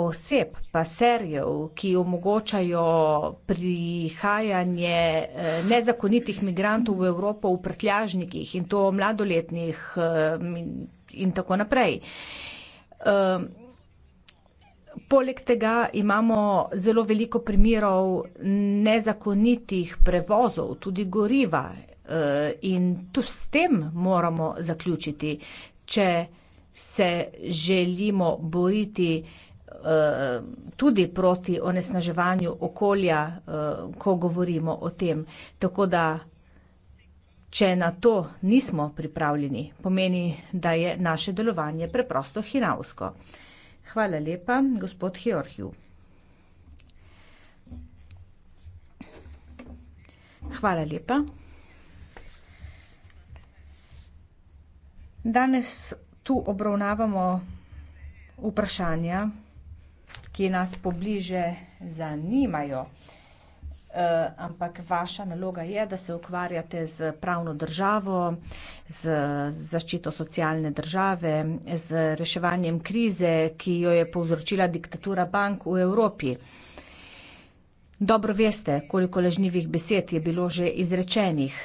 oseb, pa serijev, ki omogočajo prihajanje eh, nezakonitih migrantov v Evropo v prtljažnikih in to mladoletnih eh, in tako naprej. Ehm, poleg tega imamo zelo veliko primerov nezakonitih prevozov, tudi goriva eh, in tudi s tem moramo zaključiti, če se želimo boriti Eh, tudi proti onesnaževanju okolja, eh, ko govorimo o tem. Tako da, če na to nismo pripravljeni, pomeni, da je naše delovanje preprosto hinavsko. Hvala lepa, gospod Hiorhiu. Hvala lepa. Danes tu obravnavamo vprašanja ki nas pobliže zanimajo. E, ampak vaša naloga je, da se ukvarjate z pravno državo, z zaščito socialne države, z reševanjem krize, ki jo je povzročila diktatura bank v Evropi. Dobro veste, koliko lažnivih besed je bilo že izrečenih.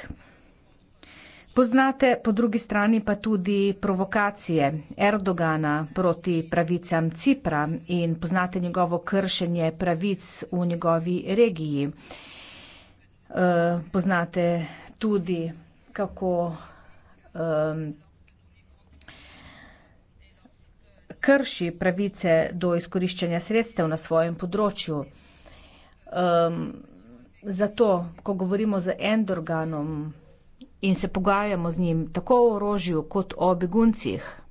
Poznate po drugi strani pa tudi provokacije Erdogana proti pravicam Cipra in poznate njegovo kršenje pravic v njegovi regiji. E, poznate tudi, kako um, krši pravice do izkoriščanja sredstev na svojem področju. Um, zato, ko govorimo z Endorganom, in se pogajamo z njim tako o orožju kot o beguncih.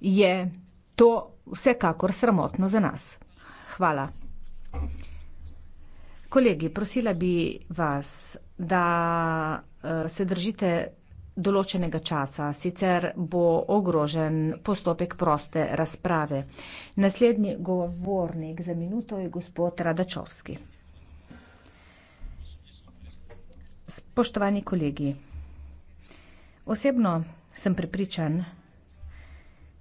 Je to vsekakor sramotno za nas. Hvala. Kolegi, prosila bi vas, da eh, se držite določenega časa, sicer bo ogrožen postopek proste razprave. Naslednji govornik za minuto je gospod Radačovski. Spoštovani kolegi, osebno sem prepričan,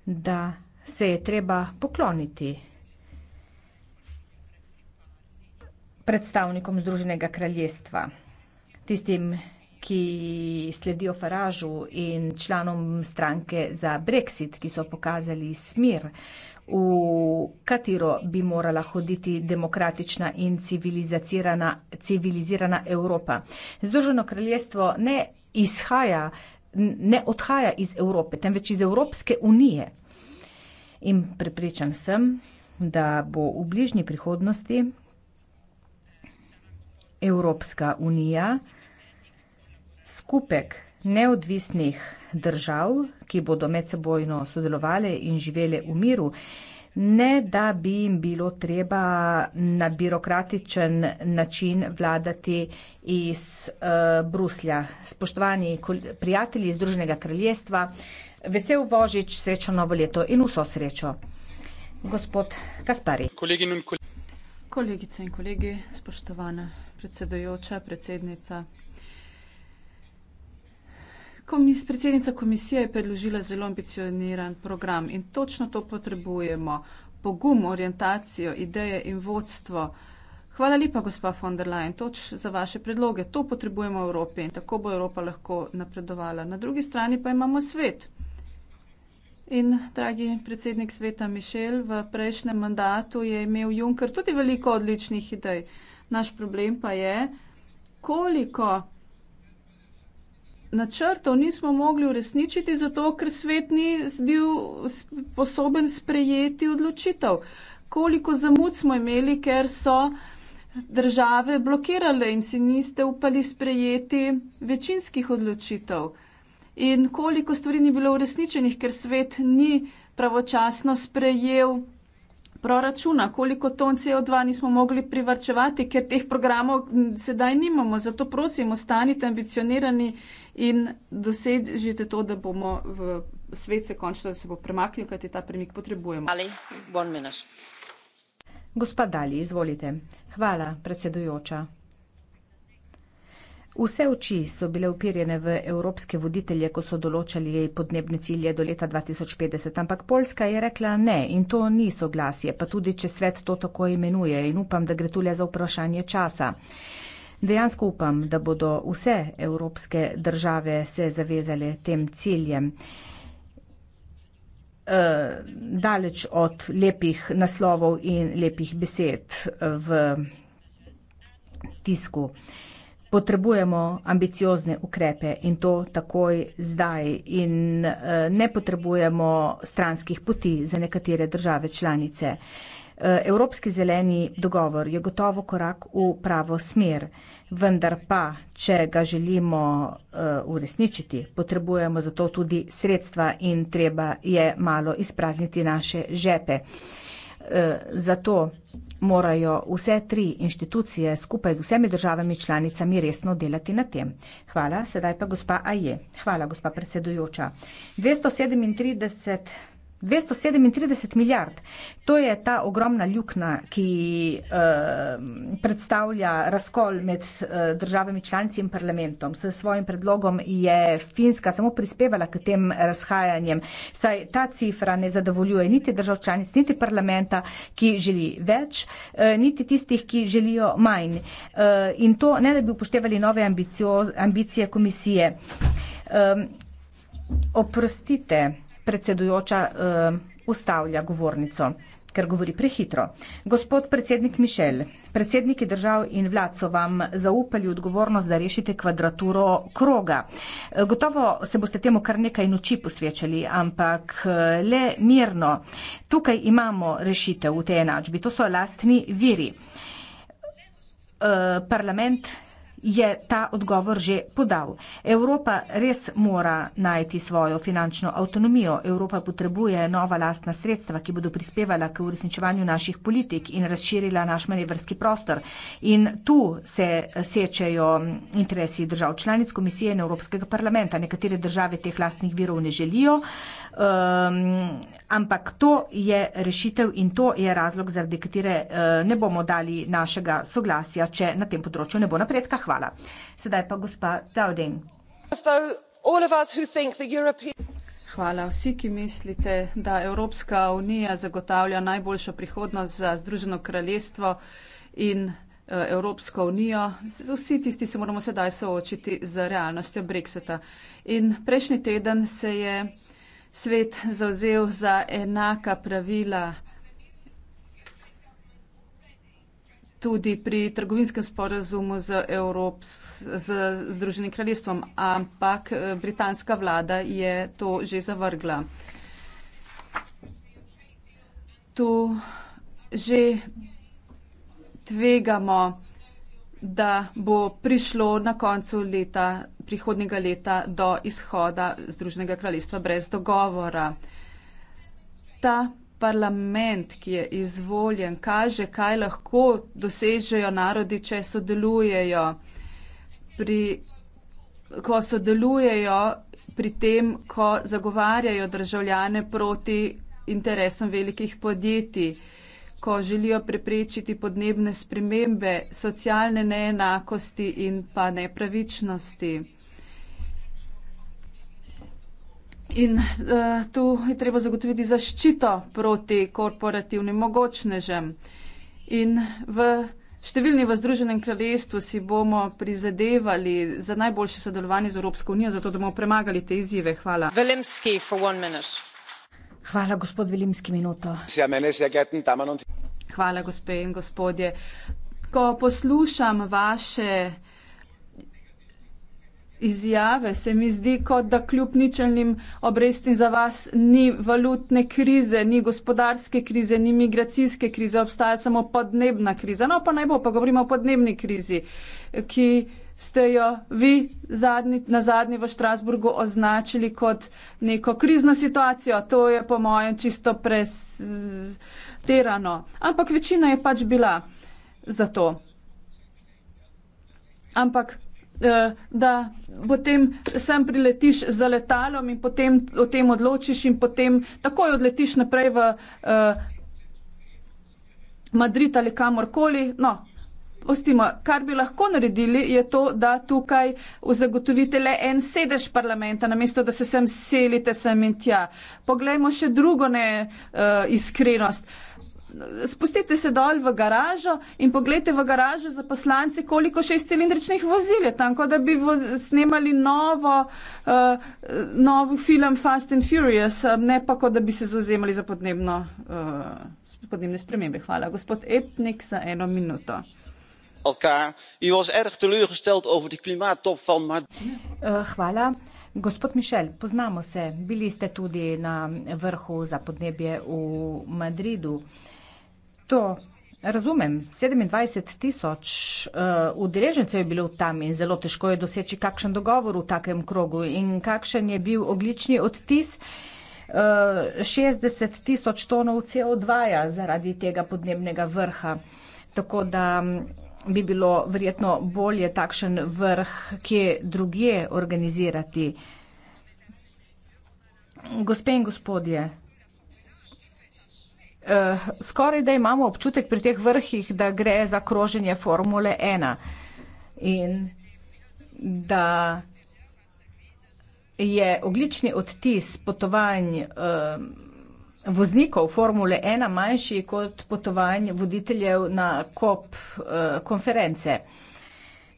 da se je treba pokloniti predstavnikom Združenega kraljestva, tistim, ki ki sledijo Faražu in članom stranke za Brexit, ki so pokazali smer, v katero bi morala hoditi demokratična in civilizirana, civilizirana Evropa. Združeno kraljestvo ne izhaja, ne odhaja iz Evrope, temveč iz Evropske unije. In prepričan sem, da bo v bližnji prihodnosti Evropska unija skupek neodvisnih držav, ki bodo medsebojno sodelovali in živeli v miru, ne da bi jim bilo treba na birokratičen način vladati iz uh, Bruslja. Spoštovani prijatelji iz Združenega kraljestva, vesel Božič, srečno novo leto in vso srečo. Gospod Kaspari. Kolegin in kolegi. Kolegice in kolegi, spoštovana predsedojoča, predsednica komis, predsednica komisije je predložila zelo ambicioniran program in točno to potrebujemo. Pogum, orientacijo, ideje in vodstvo. Hvala lepa, gospa von der Leyen, toč za vaše predloge. To potrebujemo v Evropi in tako bo Evropa lahko napredovala. Na drugi strani pa imamo svet. In, dragi predsednik sveta Mišel, v prejšnjem mandatu je imel Juncker tudi veliko odličnih idej. Naš problem pa je, koliko načrtov nismo mogli uresničiti, zato ker svet ni bil sposoben sprejeti odločitev. Koliko zamud smo imeli, ker so države blokirale in si niste upali sprejeti večinskih odločitev. In koliko stvari ni bilo uresničenih, ker svet ni pravočasno sprejel proračuna, koliko ton CO2 nismo mogli privrčevati, ker teh programov sedaj nimamo. Zato prosim, ostanite ambicionirani in dosežite to, da bomo v svet se končno se bo premaknil, kajti ta premik potrebujemo. Ali, bon Gospa Dali, izvolite. Hvala, predsedujoča. Vse oči so bile upirjene v evropske voditelje, ko so določali podnebne cilje do leta 2050, ampak Poljska je rekla ne in to ni soglasje, pa tudi če svet to tako imenuje in upam, da gre tu le za vprašanje časa. Dejansko upam, da bodo vse evropske države se zavezale tem ciljem. E, daleč od lepih naslovov in lepih besed eh, v tisku. E, potrebujemo ambiciozne ukrepe in to takoj zdaj in eh, ne potrebujemo stranskih poti za nekatere države članice. Eh, Evropski zeleni dogovor je gotovo korak v pravo smer, vendar pa, če ga želimo eh, uresničiti, potrebujemo za to tudi sredstva in treba je malo izprazniti naše žepe. Eh, zato morajo vse tri inštitucije skupaj z vsemi državami članicami resno delati na tem. Hvala, sedaj pa gospa Aje. Hvala, gospa predsedujoča. 237 237 milijard. To je ta ogromna ljukna, ki uh, predstavlja razkol med uh, državami članicami in parlamentom. S svojim predlogom je Finska samo prispevala k tem razhajanjem. Saj ta cifra ne zadovoljuje niti držav članic, niti parlamenta, ki želi več, uh, niti tistih, ki želijo manj. Uh, in to ne da bi upoštevali nove ambicio, ambicije komisije. Um, oprostite predsedujoča uh, ustavlja govornico, ker govori prehitro. Gospod predsednik Mišel, predsedniki držav in vlad so vam zaupali odgovornost, da rešite kvadraturo kroga. Eh, gotovo se boste temu kar nekaj noči posvečali, ampak eh, le mirno. Tukaj imamo rešitev v tej enačbi, to so lastni viri. Uh, parlament je ta odgovor že podal. Evropa res mora najti svojo finančno avtonomijo. Evropa potrebuje nova lastna sredstva, ki bodo prispevala k uresničevanju naših politik in razširila naš manevrski prostor. In tu se sečejo interesi držav članic komisije in Evropskega parlamenta. Nekatere države teh lastnih virov ne želijo. Uh, Um, ampak to je rešitev in to je razlog, zaradi katere uh, ne bomo dali našega soglasja, če na tem področju ne bo napredka. Hvala. Sedaj pa gospa Tauden. Hvala. Vsi, ki mislite, da Evropska unija zagotavlja najboljšo prihodnost za Združeno kraljestvo in eh, Evropsko unijo, vsi tisti se moramo sedaj soočiti z realnostjo Brexita. In prejšnji teden se je svet zauzel za enaka pravila tudi pri trgovinskem sporazumu z, Evrops, z Združenim kraljestvom, ampak eh, britanska vlada je to že zavrgla. Tu že tvegamo, da bo prišlo na koncu leta prihodnega leta do izhoda Združenega kraljestva brez dogovora. Ta parlament, ki je izvoljen, kaže, kaj lahko dosežejo narodi, če sodelujejo pri, ko sodelujejo pri tem, ko zagovarjajo državljane proti interesom velikih podjetij, ko želijo preprečiti podnebne spremembe, socialne neenakosti in pa nepravičnosti. In uh, tu je treba zagotoviti zaščito proti korporativnim mogočnežem. In v številni v Združenem kraljestvu si bomo prizadevali za najboljše sodelovanje z Evropsko unijo, zato da bomo premagali te izzive. Hvala. Hvala, gospod Vilimski, minuto. Hvala, gospe in gospodje. Ko poslušam vaše izjave, se mi zdi, kot da kljub ničelnim obrestim za vas ni valutne krize, ni gospodarske krize, ni migracijske krize, obstaja samo podnebna kriza. No, pa naj bo, pa govorimo o podnebni krizi, ki ste jo vi zadnji, na zadnji v Štrasburgu označili kot neko krizno situacijo. To je po mojem čisto presterano. Ampak večina je pač bila za to. Ampak Eh, da potem sem priletiš za letalom in potem o tem odločiš in potem takoj odletiš naprej v eh, Madrid ali kamorkoli. No. Ostimo, kar bi lahko naredili, je to, da tukaj zagotovite le en sedež parlamenta, namesto da se sem selite sem in tja. Poglejmo še drugo ne, uh, iskrenost. Uh, spustite se dol v garažo in pogledajte v garažo za poslance, koliko šestcilindričnih vozil je tam, kot da bi snemali novo, uh, eh, novo film Fast and Furious, eh, ne pa kot da bi se zauzemali za podnebno, uh, podnebne spremembe. Hvala. Gospod Etnik, za eno minuto. U was erg teleurgesteld over de klimaattop van Madrid. Uh, hvala. Gospod Mišel, poznamo se. Bili ste tudi na vrhu za podnebje v Madridu. Uh, to razumem. 27 tisoč uh, udeležencev je bilo tam in zelo težko je doseči kakšen dogovor v takem krogu in kakšen je bil oglični odtis. 60 eh, tisoč tonov CO2 ja, zaradi tega podnebnega vrha. Tako da mm, bi bilo verjetno bolje takšen vrh, ki je drugje organizirati. Gospe in gospodje, uh, skoraj da imamo občutek pri teh vrhih, da gre za kroženje formule ena in da je oglični odtis potovanj uh, voznikov formule ena manjši kot potovanj voditeljev na kop uh, konference.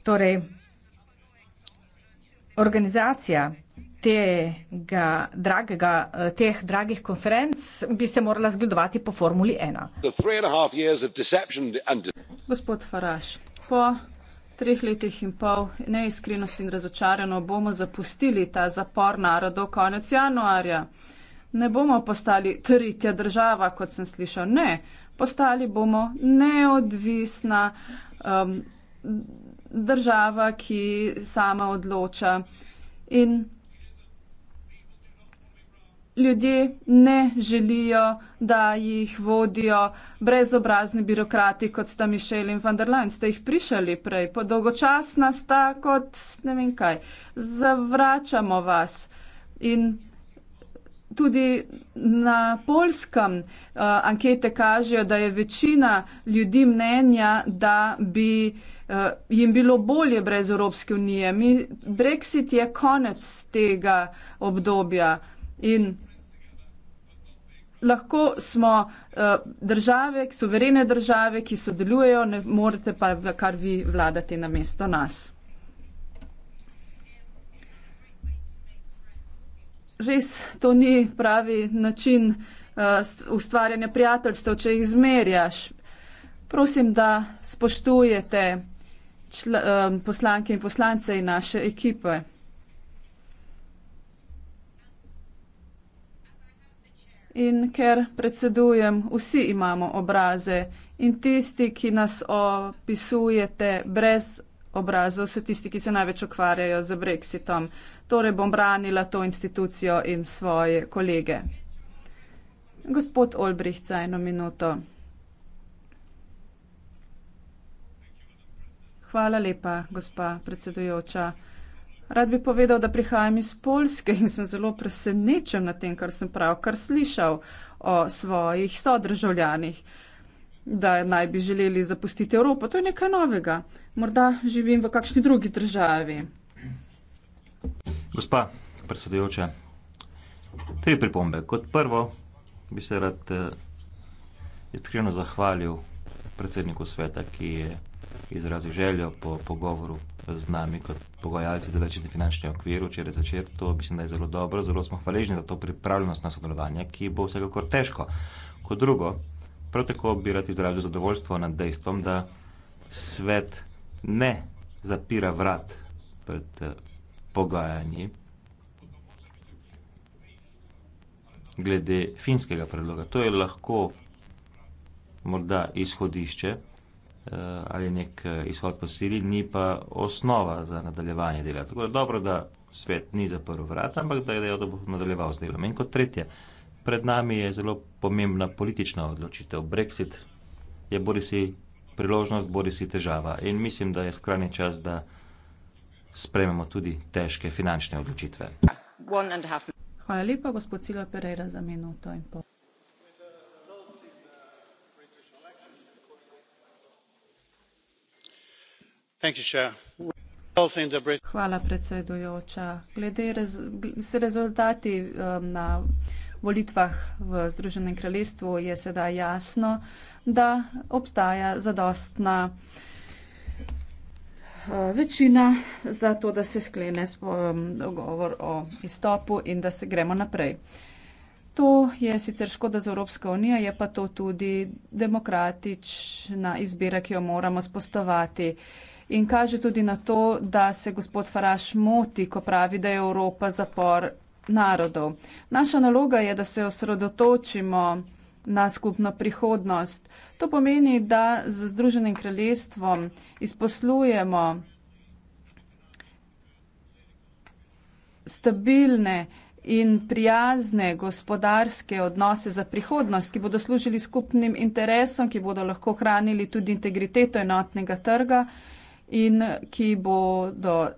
Torej, organizacija tega dragega, eh, teh dragih konferenc bi se morala zgledovati po Formuli 1. Gospod Faraš, po treh letih in pol neiskrenosti in razočarano bomo zapustili ta zapor narodov konec januarja. Ne bomo postali tretja država, kot sem slišal. Ne, postali bomo neodvisna um, država, ki sama odloča. In ljudje ne želijo, da jih vodijo brezobrazni birokrati, kot sta Mišel in van der Leyen. Ste jih prišali prej, podolgočasna sta kot ne vem kaj. Zavračamo vas. In tudi na polskem uh, eh, ankete kažejo, da je večina ljudi mnenja, da bi uh, jim bilo bolje brez Evropske unije. Mi, Brexit je konec tega obdobja. In lahko smo eh, države, suverene države, ki sodelujejo, ne morete pa kar vi vladati na mesto nas. Res, to ni pravi način eh, ustvarjanja prijateljstev, če jih zmerjaš. Prosim, da spoštujete eh, poslanke in poslance in naše ekipe. in ker predsedujem, vsi imamo obraze in tisti, ki nas opisujete brez obrazov, so tisti, ki se največ ukvarjajo z brexitom. Torej bom branila to institucijo in svoje kolege. Gospod Olbricht, za eno minuto. Hvala lepa, gospa predsedujoča. Rad bi povedal, da prihajam iz Poljske in sem zelo presenečen na tem, kar sem pravkar slišal o svojih sodržavljanih, da naj bi želeli zapustiti Evropo. To je nekaj novega. Morda živim v kakšni drugi državi. Gospa predsedujoča, tri pripombe. Kot prvo bi se rad eh, iskreno zahvalil predsedniku sveta, ki je izrazil željo po pogovoru z nami kot pogajalci za večni finančni okvir včeraj začer. To mislim, da je zelo dobro. Zelo smo hvaležni za to pripravljenost na sodelovanje, ki bo vsekakor težko. Kot drugo, prav tako bi rad izrazil zadovoljstvo nad dejstvom, da svet ne zapira vrat pred eh, pogajanji glede finskega predloga. To je lahko morda izhodišče Eh, ali nek eh, izhod po sili, ni pa osnova za nadaljevanje dela. Tako da dobro, da svet ni zaprl vrat, ampak da je dejal, da bo nadaljeval z delom. In kot tretje, pred nami je zelo pomembna politična odločitev. Brexit je bori si priložnost, bori si težava. In mislim, da je skrajni čas, da sprememo tudi težke finančne odločitve. Hvala lepa, gospod Silva Pereira, za minuto in pol. Hvala, predsedujoča. Glede se rezultati um, na volitvah v Združenem kraljestvu je sedaj jasno, da obstaja zadostna uh, večina za to, da se sklene um, dogovor o izstopu in da se gremo naprej. To je sicer škoda za Evropsko unijo, je pa to tudi demokratična izbira, ki jo moramo spostovati in kaže tudi na to, da se gospod Faraš moti, ko pravi, da je Evropa zapor narodov. Naša naloga je, da se osredotočimo na skupno prihodnost. To pomeni, da z Združenim kraljestvom izposlujemo stabilne in prijazne gospodarske odnose za prihodnost, ki bodo služili skupnim interesom, ki bodo lahko hranili tudi integriteto enotnega trga in ki bodo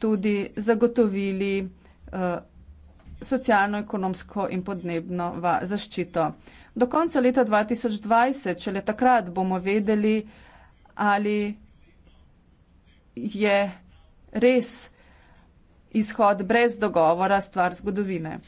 tudi zagotovili eh, socialno, ekonomsko in podnebno zaščito. Do konca leta 2020, če le takrat bomo vedeli, ali je res izhod brez dogovora stvar zgodovine.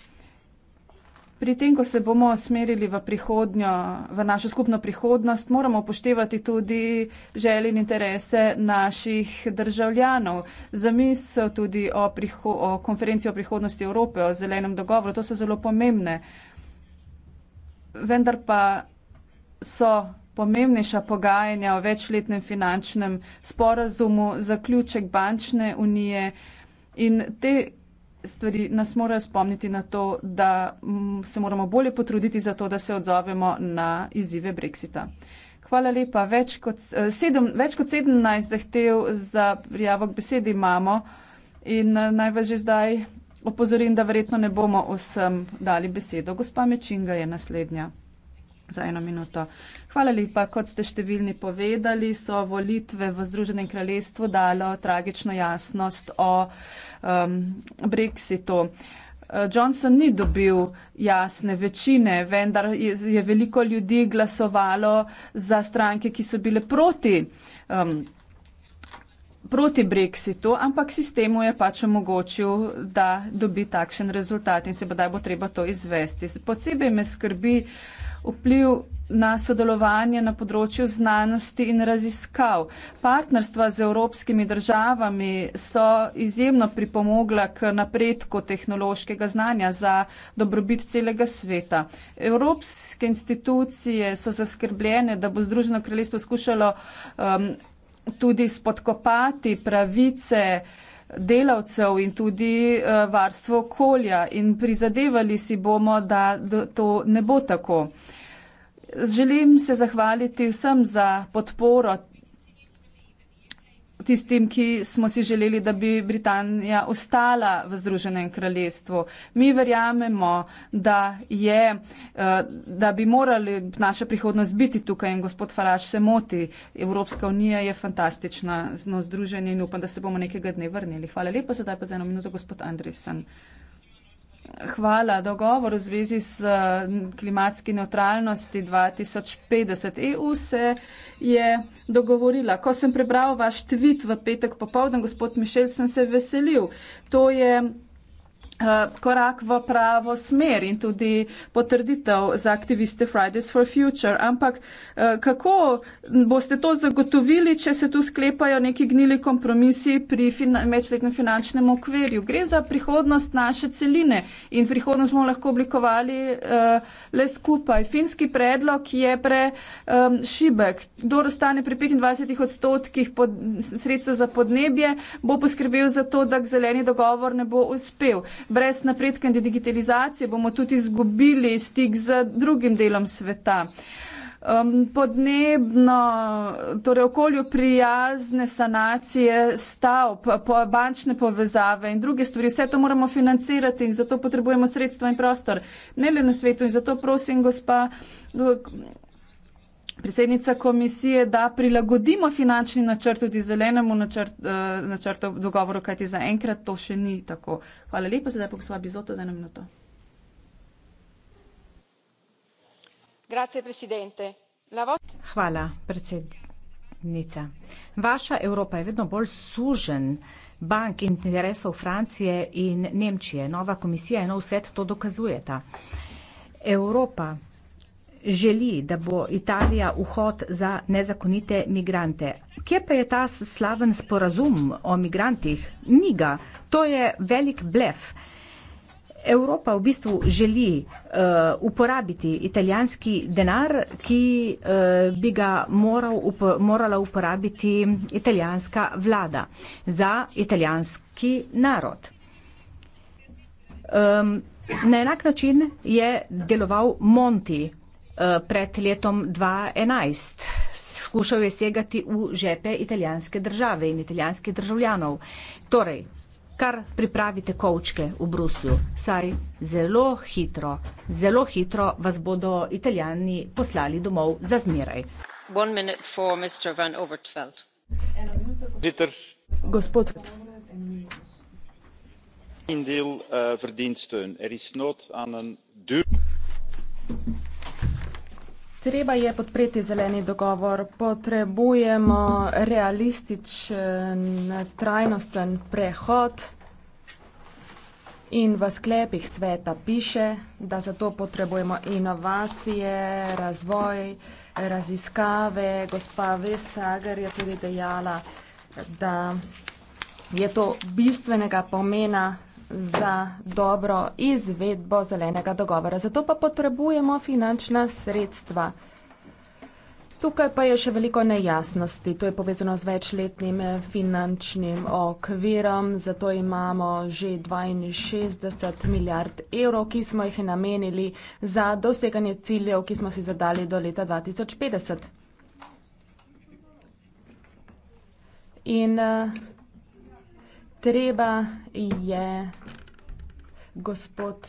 Pri tem, ko se bomo smerili v prihodnjo, v našo skupno prihodnost, moramo upoštevati tudi želje in interese naših državljanov. Zamisel tudi o, o konferenci o prihodnosti Evrope, o zelenem dogovoru, to so zelo pomembne. Vendar pa so pomembnejša pogajanja o večletnem finančnem sporazumu, zaključek bančne unije in te stvari nas morajo spomniti na to, da se moramo bolje potruditi za to, da se odzovemo na izzive Brexita. Hvala lepa. Več kot, eh, sedem, več kot 17 zahtev za prijavo k besedi imamo in eh, naj vas že zdaj opozorim, da verjetno ne bomo vsem dali besedo. Gospa Mečinga je naslednja za eno minuto. Hvala lepa. Kot ste številni povedali, so volitve v Združenem kraljestvu dalo tragično jasnost o um, Brexitu. Johnson ni dobil jasne večine, vendar je, je veliko ljudi glasovalo za stranke, ki so bile proti, um, proti Brexitu, ampak sistemu je pač omogočil, da dobi takšen rezultat in se bodaj bo treba to izvesti. Posebej me skrbi vpliv na sodelovanje na področju znanosti in raziskav. Partnerstva z evropskimi državami so izjemno pripomogla k napredku tehnološkega znanja za dobrobit celega sveta. Evropske institucije so zaskrbljene, da bo Združeno kraljestvo skušalo um, tudi spodkopati pravice delavcev in tudi eh, varstvo okolja in prizadevali si bomo, da to ne bo tako. Želim se zahvaliti vsem za podporo tistim, ki smo si želeli, da bi Britanija ostala v Združenem kraljestvu. Mi verjamemo, da, je, eh, da bi morali naša prihodnost biti tukaj in gospod Faraš se moti. Evropska unija je fantastična, no, združenje in upam, da se bomo nekega dne vrnili. Hvala lepa, sedaj pa za eno minuto gospod Andresen. Hvala. Dogovor v zvezi s eh, klimatski neutralnosti 2050 EU se je dogovorila. Ko sem prebral vaš tweet v petek popovdne, gospod Mišel, sem se veselil. To je Eh, korak v pravo smer in tudi potrditev za aktiviste Fridays for Future. Ampak eh, kako boste to zagotovili, če se tu sklepajo neki gnili kompromisi pri fina večletnem finančnem okvirju? Gre za prihodnost naše celine in prihodnost bomo lahko oblikovali uh, le skupaj. Finski predlog je prešibek. Um, Kdo ostane pri 25 odstotkih pod, sredstev za podnebje, bo poskrbel za to, da zeleni dogovor ne bo uspel brez napredka in digitalizacije bomo tudi izgubili stik z drugim delom sveta. Um, podnebno, torej okolju prijazne sanacije stavb, po, bančne povezave in druge stvari, vse to moramo financirati in zato potrebujemo sredstva in prostor. Ne le na svetu in zato prosim, gospa predsednica komisije, da prilagodimo finančni načrt tudi zelenemu eh, načrtu načrt dogovoru, kajti zaenkrat to še ni tako. Hvala lepa, sedaj pa gospod Bizoto za eno minuto. Hvala, predsednica. Vaša Evropa je vedno bolj sužen bank in interesov Francije in Nemčije. Nova komisija in nov svet to dokazujeta. Evropa želi, da bo Italija vhod za nezakonite migrante. Kje pa je ta slaven sporazum o migrantih? Ni ga. To je velik blef. Evropa v bistvu želi uh, uporabiti italijanski denar, ki uh, bi ga moral, up, morala uporabiti italijanska vlada za italijanski narod. Um, na enak način je deloval Monti, Eh, pred letom 2011. Skušal je segati v žepe italijanske države in italijanskih državljanov. Torej, kar pripravite kovčke v Bruslju, saj zelo hitro, zelo hitro vas bodo italijani poslali domov za zmeraj. Gospod. Deel, uh, er is nood aan een duur... Treba je podpreti zeleni dogovor, potrebujemo realističen, trajnosten prehod in v sklepih sveta piše, da zato potrebujemo inovacije, razvoj, raziskave. Gospa Vestager je tudi dejala, da je to bistvenega pomena za dobro izvedbo zelenega dogovora. Zato pa potrebujemo finančna sredstva. Tukaj pa je še veliko nejasnosti. To je povezano z večletnim eh, finančnim okvirom. Zato imamo že 62 milijard evrov, ki smo jih namenili za doseganje ciljev, ki smo si zadali do leta 2050. In eh, treba je gospod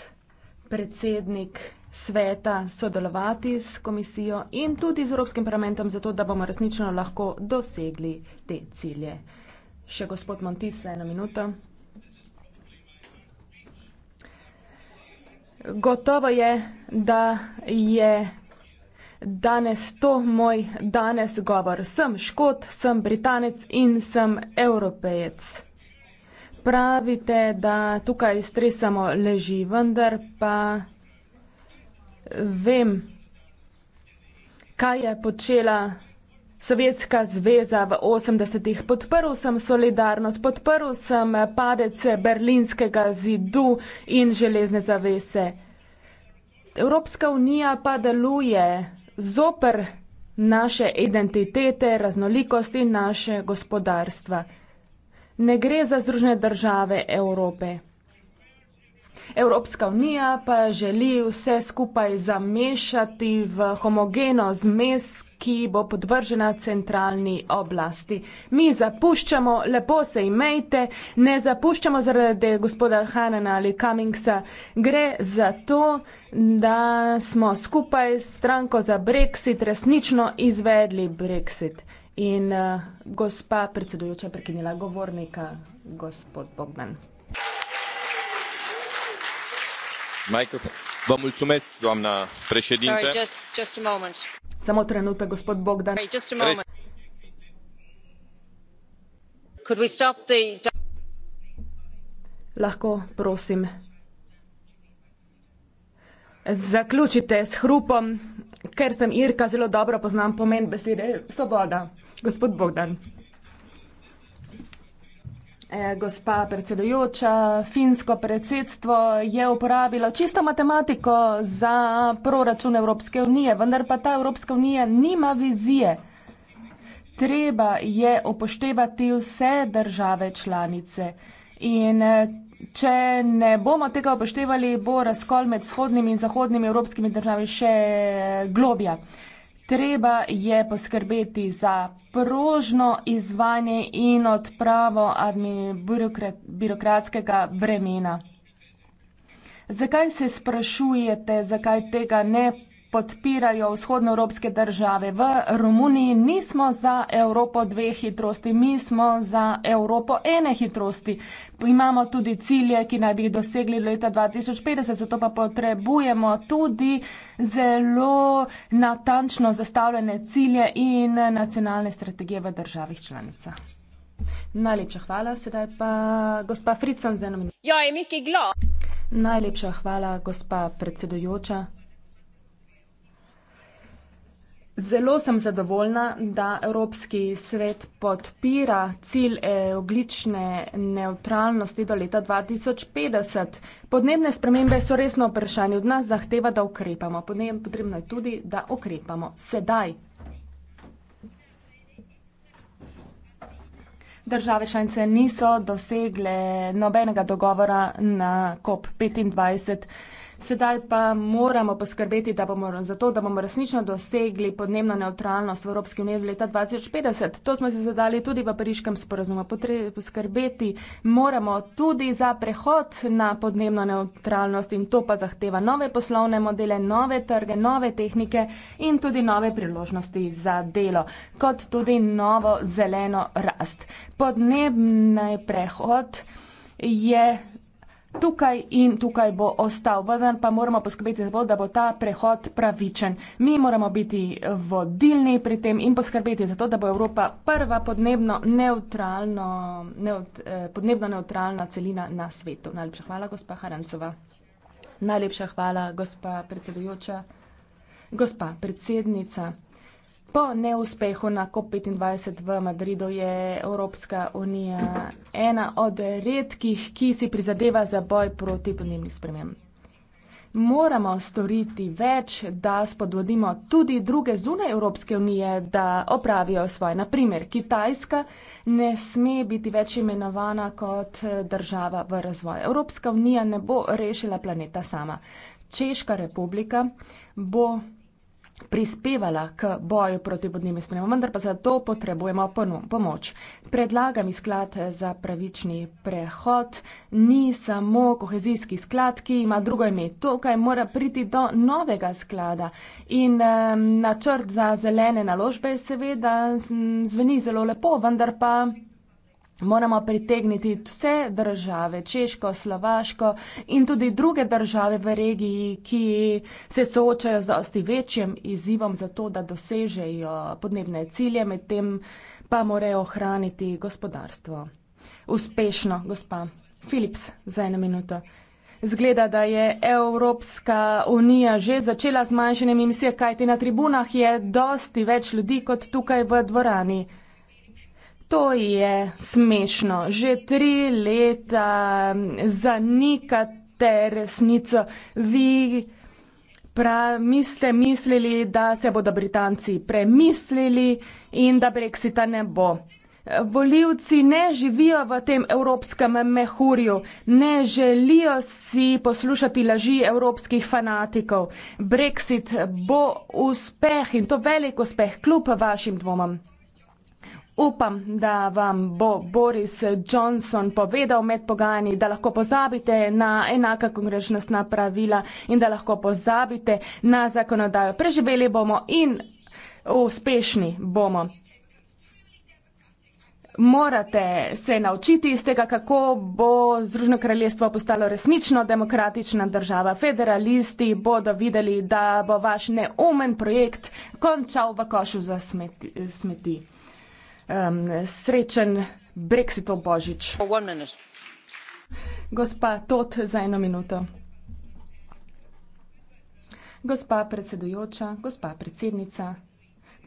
predsednik sveta sodelovati s komisijo in tudi z Evropskim parlamentom, zato da bomo resnično lahko dosegli te cilje. Še gospod Montica, eno minuto. Gotovo je, da je danes to moj danes govor. Sem škot, sem britanec in sem evropejec pravite, da tukaj stresamo leži, vendar pa vem, kaj je počela Sovjetska zveza v 80-ih. Podprl sem solidarnost, podprl sem padece berlinskega zidu in železne zavese. Evropska unija pa deluje zoper naše identitete, raznolikosti in naše gospodarstva ne gre za Združene države Evrope. Evropska unija pa želi vse skupaj zamešati v homogeno zmes, ki bo podvržena centralni oblasti. Mi zapuščamo, lepo se imejte, ne zapuščamo zaradi gospoda Hanena ali Cummingsa. Gre za to, da smo skupaj s stranko za Brexit resnično izvedli Brexit in uh, gospa predsedujoča prekinila govornika, gospod Bogdan. Vam mulțumesc, doamna președinte. Sorry, just, just a moment. Samo trenutek, gospod Bogdan. Sorry, just a moment. Could we stop the... Lahko, prosim. Zaključite s hrupom, ker sem Irka zelo dobro poznam pomen besede svoboda. Gospod Bogdan. E, gospa predsedujoča, finsko predsedstvo je uporabilo čisto matematiko za proračun Evropske unije, vendar pa ta Evropska unija nima vizije. Treba je upoštevati vse države članice. In e, če ne bomo tega upoštevali, bo razkol med vzhodnimi in zahodnimi evropskimi državami še e, globja. Treba je poskrbeti za prožno izvanje in odpravo birokrat, birokratskega bremena. Zakaj se sprašujete, zakaj tega ne podpirajo vzhodnoevropske države. V Romuniji nismo za Evropo dve hitrosti, mi smo za Evropo ene hitrosti. Imamo tudi cilje, ki naj bi jih dosegli leta 2050, zato pa potrebujemo tudi zelo natančno zastavljene cilje in nacionalne strategije v državih članicah. Najlepša hvala, sedaj pa gospa Fritzan za eno minuto. Ja, Najlepša hvala, gospa predsedujoča. Zelo sem zadovoljna, da Evropski svet podpira cilj oglične neutralnosti do leta 2050. Podnebne spremembe so resno vprašanje od nas, zahteva, da ukrepamo. Podnebne potrebno je tudi, da ukrepamo sedaj. Države šance niso dosegle nobenega dogovora na COP25. Sedaj pa moramo poskrbeti, da bomo za to, da bomo resnično dosegli podnebno neutralnost v Evropski uniji v leta 2050. To smo si zadali tudi v pariškem sporozumu. Potrebno poskrbeti moramo tudi za prehod na podnebno neutralnost in to pa zahteva nove poslovne modele, nove trge, nove tehnike in tudi nove priložnosti za delo, kot tudi novo zeleno rast. Podnebni prehod je tukaj in tukaj bo ostal. Vendar pa moramo poskrbeti za to, da bo ta prehod pravičen. Mi moramo biti vodilni pri tem in poskrbeti za to, da bo Evropa prva podnebno neutralno, neut, eh, podnebno neutralna celina na svetu. Najlepša hvala, gospa Harancova. Najlepša hvala, gospa predsedujoča. Gospa predsednica. Po neuspehu na COP25 v Madridu je Evropska unija ena od redkih, ki si prizadeva za boj proti podnebnim spremembam. Moramo storiti več, da spodbudimo tudi druge zune Evropske unije, da opravijo svoje. Naprimer, Kitajska ne sme biti več imenovana kot država v razvoju. Evropska unija ne bo rešila planeta sama. Češka republika bo prispevala k boju proti podnebnim spremembam, vendar pa za to potrebujemo pomoč. Predlagami sklad za pravični prehod ni samo kohezijski sklad, ki ima drugo ime. Tukaj mora priti do novega sklada in um, načrt za zelene naložbe seveda zveni zelo lepo, vendar pa moramo pritegniti vse države, Češko, Slovaško in tudi druge države v regiji, ki se soočajo z osti večjim izzivom za to, da dosežejo podnebne cilje, medtem pa morajo ohraniti gospodarstvo. Uspešno, gospa Philips, za eno minuto. Zgleda, da je Evropska unija že začela z manjšanjem emisije, kajti na tribunah je dosti več ljudi kot tukaj v dvorani. To je smešno. Že tri leta zanikate resnico. Vi pravi, ste mislili, da se bodo Britanci premislili in da Brexita ne bo. Voljivci ne živijo v tem evropskem mehurju, ne želijo si poslušati laži evropskih fanatikov. Brexit bo uspeh in to velik uspeh, kljub vašim dvomam. Upam, da vam bo Boris Johnson povedal med pogajanji, da lahko pozabite na enaka kongresnostna pravila in da lahko pozabite na zakonodajo. Preživeli bomo in uspešni bomo. Morate se naučiti iz tega, kako bo Združeno kraljestvo postalo resnično demokratična država. Federalisti bodo videli, da bo vaš neumen projekt končal v košu za smeti. smeti srečen Brexitov božič. Gospa Tot, za eno minuto. Gospa predsedujoča, gospa predsednica,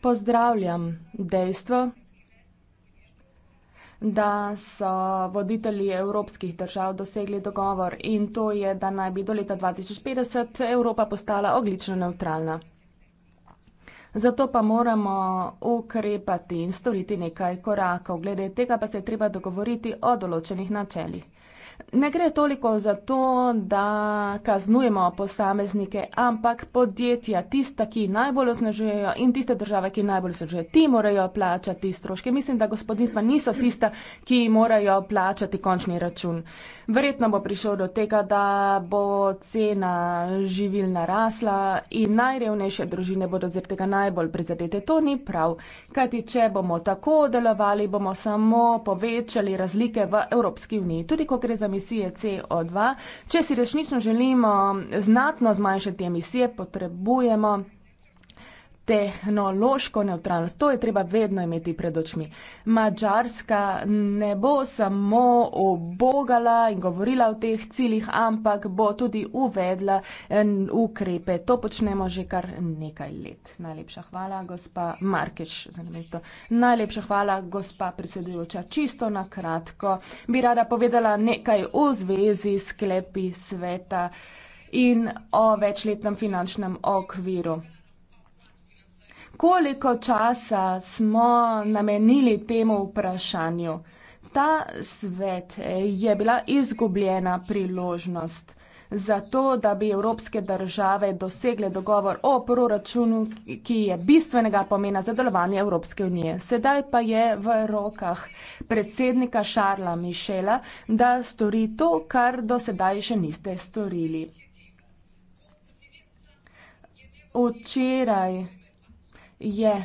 pozdravljam dejstvo, da so voditelji evropskih držav dosegli dogovor in to je, da naj bi do leta 2050 Evropa postala oglično neutralna. Zato pa moramo ukrepati in storiti nekaj korakov. Glede tega pa se je treba dogovoriti o določenih načelih ne gre toliko za to, da kaznujemo posameznike, ampak podjetja, tista, ki najbolj osnažujejo in tiste države, ki najbolj osnažujejo, ti morajo plačati stroške. Mislim, da gospodinstva niso tista, ki morajo plačati končni račun. Verjetno bo prišel do tega, da bo cena živil narasla in najrevnejše družine bodo zaradi tega najbolj prizadete. To ni prav, kajti če bomo tako delovali, bomo samo povečali razlike v Evropski uniji. Tudi, emisije CO2. Če si resnično želimo znatno zmanjšati emisije, potrebujemo tehnološko neutralnost. To je treba vedno imeti pred očmi. Mačarska ne bo samo obogala in govorila o teh ciljih, ampak bo tudi uvedla eh, ukrepe. To počnemo že kar nekaj let. Najlepša hvala, gospa Markeš. Najlepša hvala, gospa predsedujoča. Čisto na kratko bi rada povedala nekaj v zvezi s sklepi sveta in o večletnem finančnem okviru koliko časa smo namenili temu vprašanju. Ta svet eh, je bila izgubljena priložnost za to, da bi evropske države dosegle dogovor o proračunu, ki je bistvenega pomena za delovanje Evropske unije. Sedaj pa je v rokah predsednika Šarla Mišela, da stori to, kar do sedaj še niste storili. Včeraj je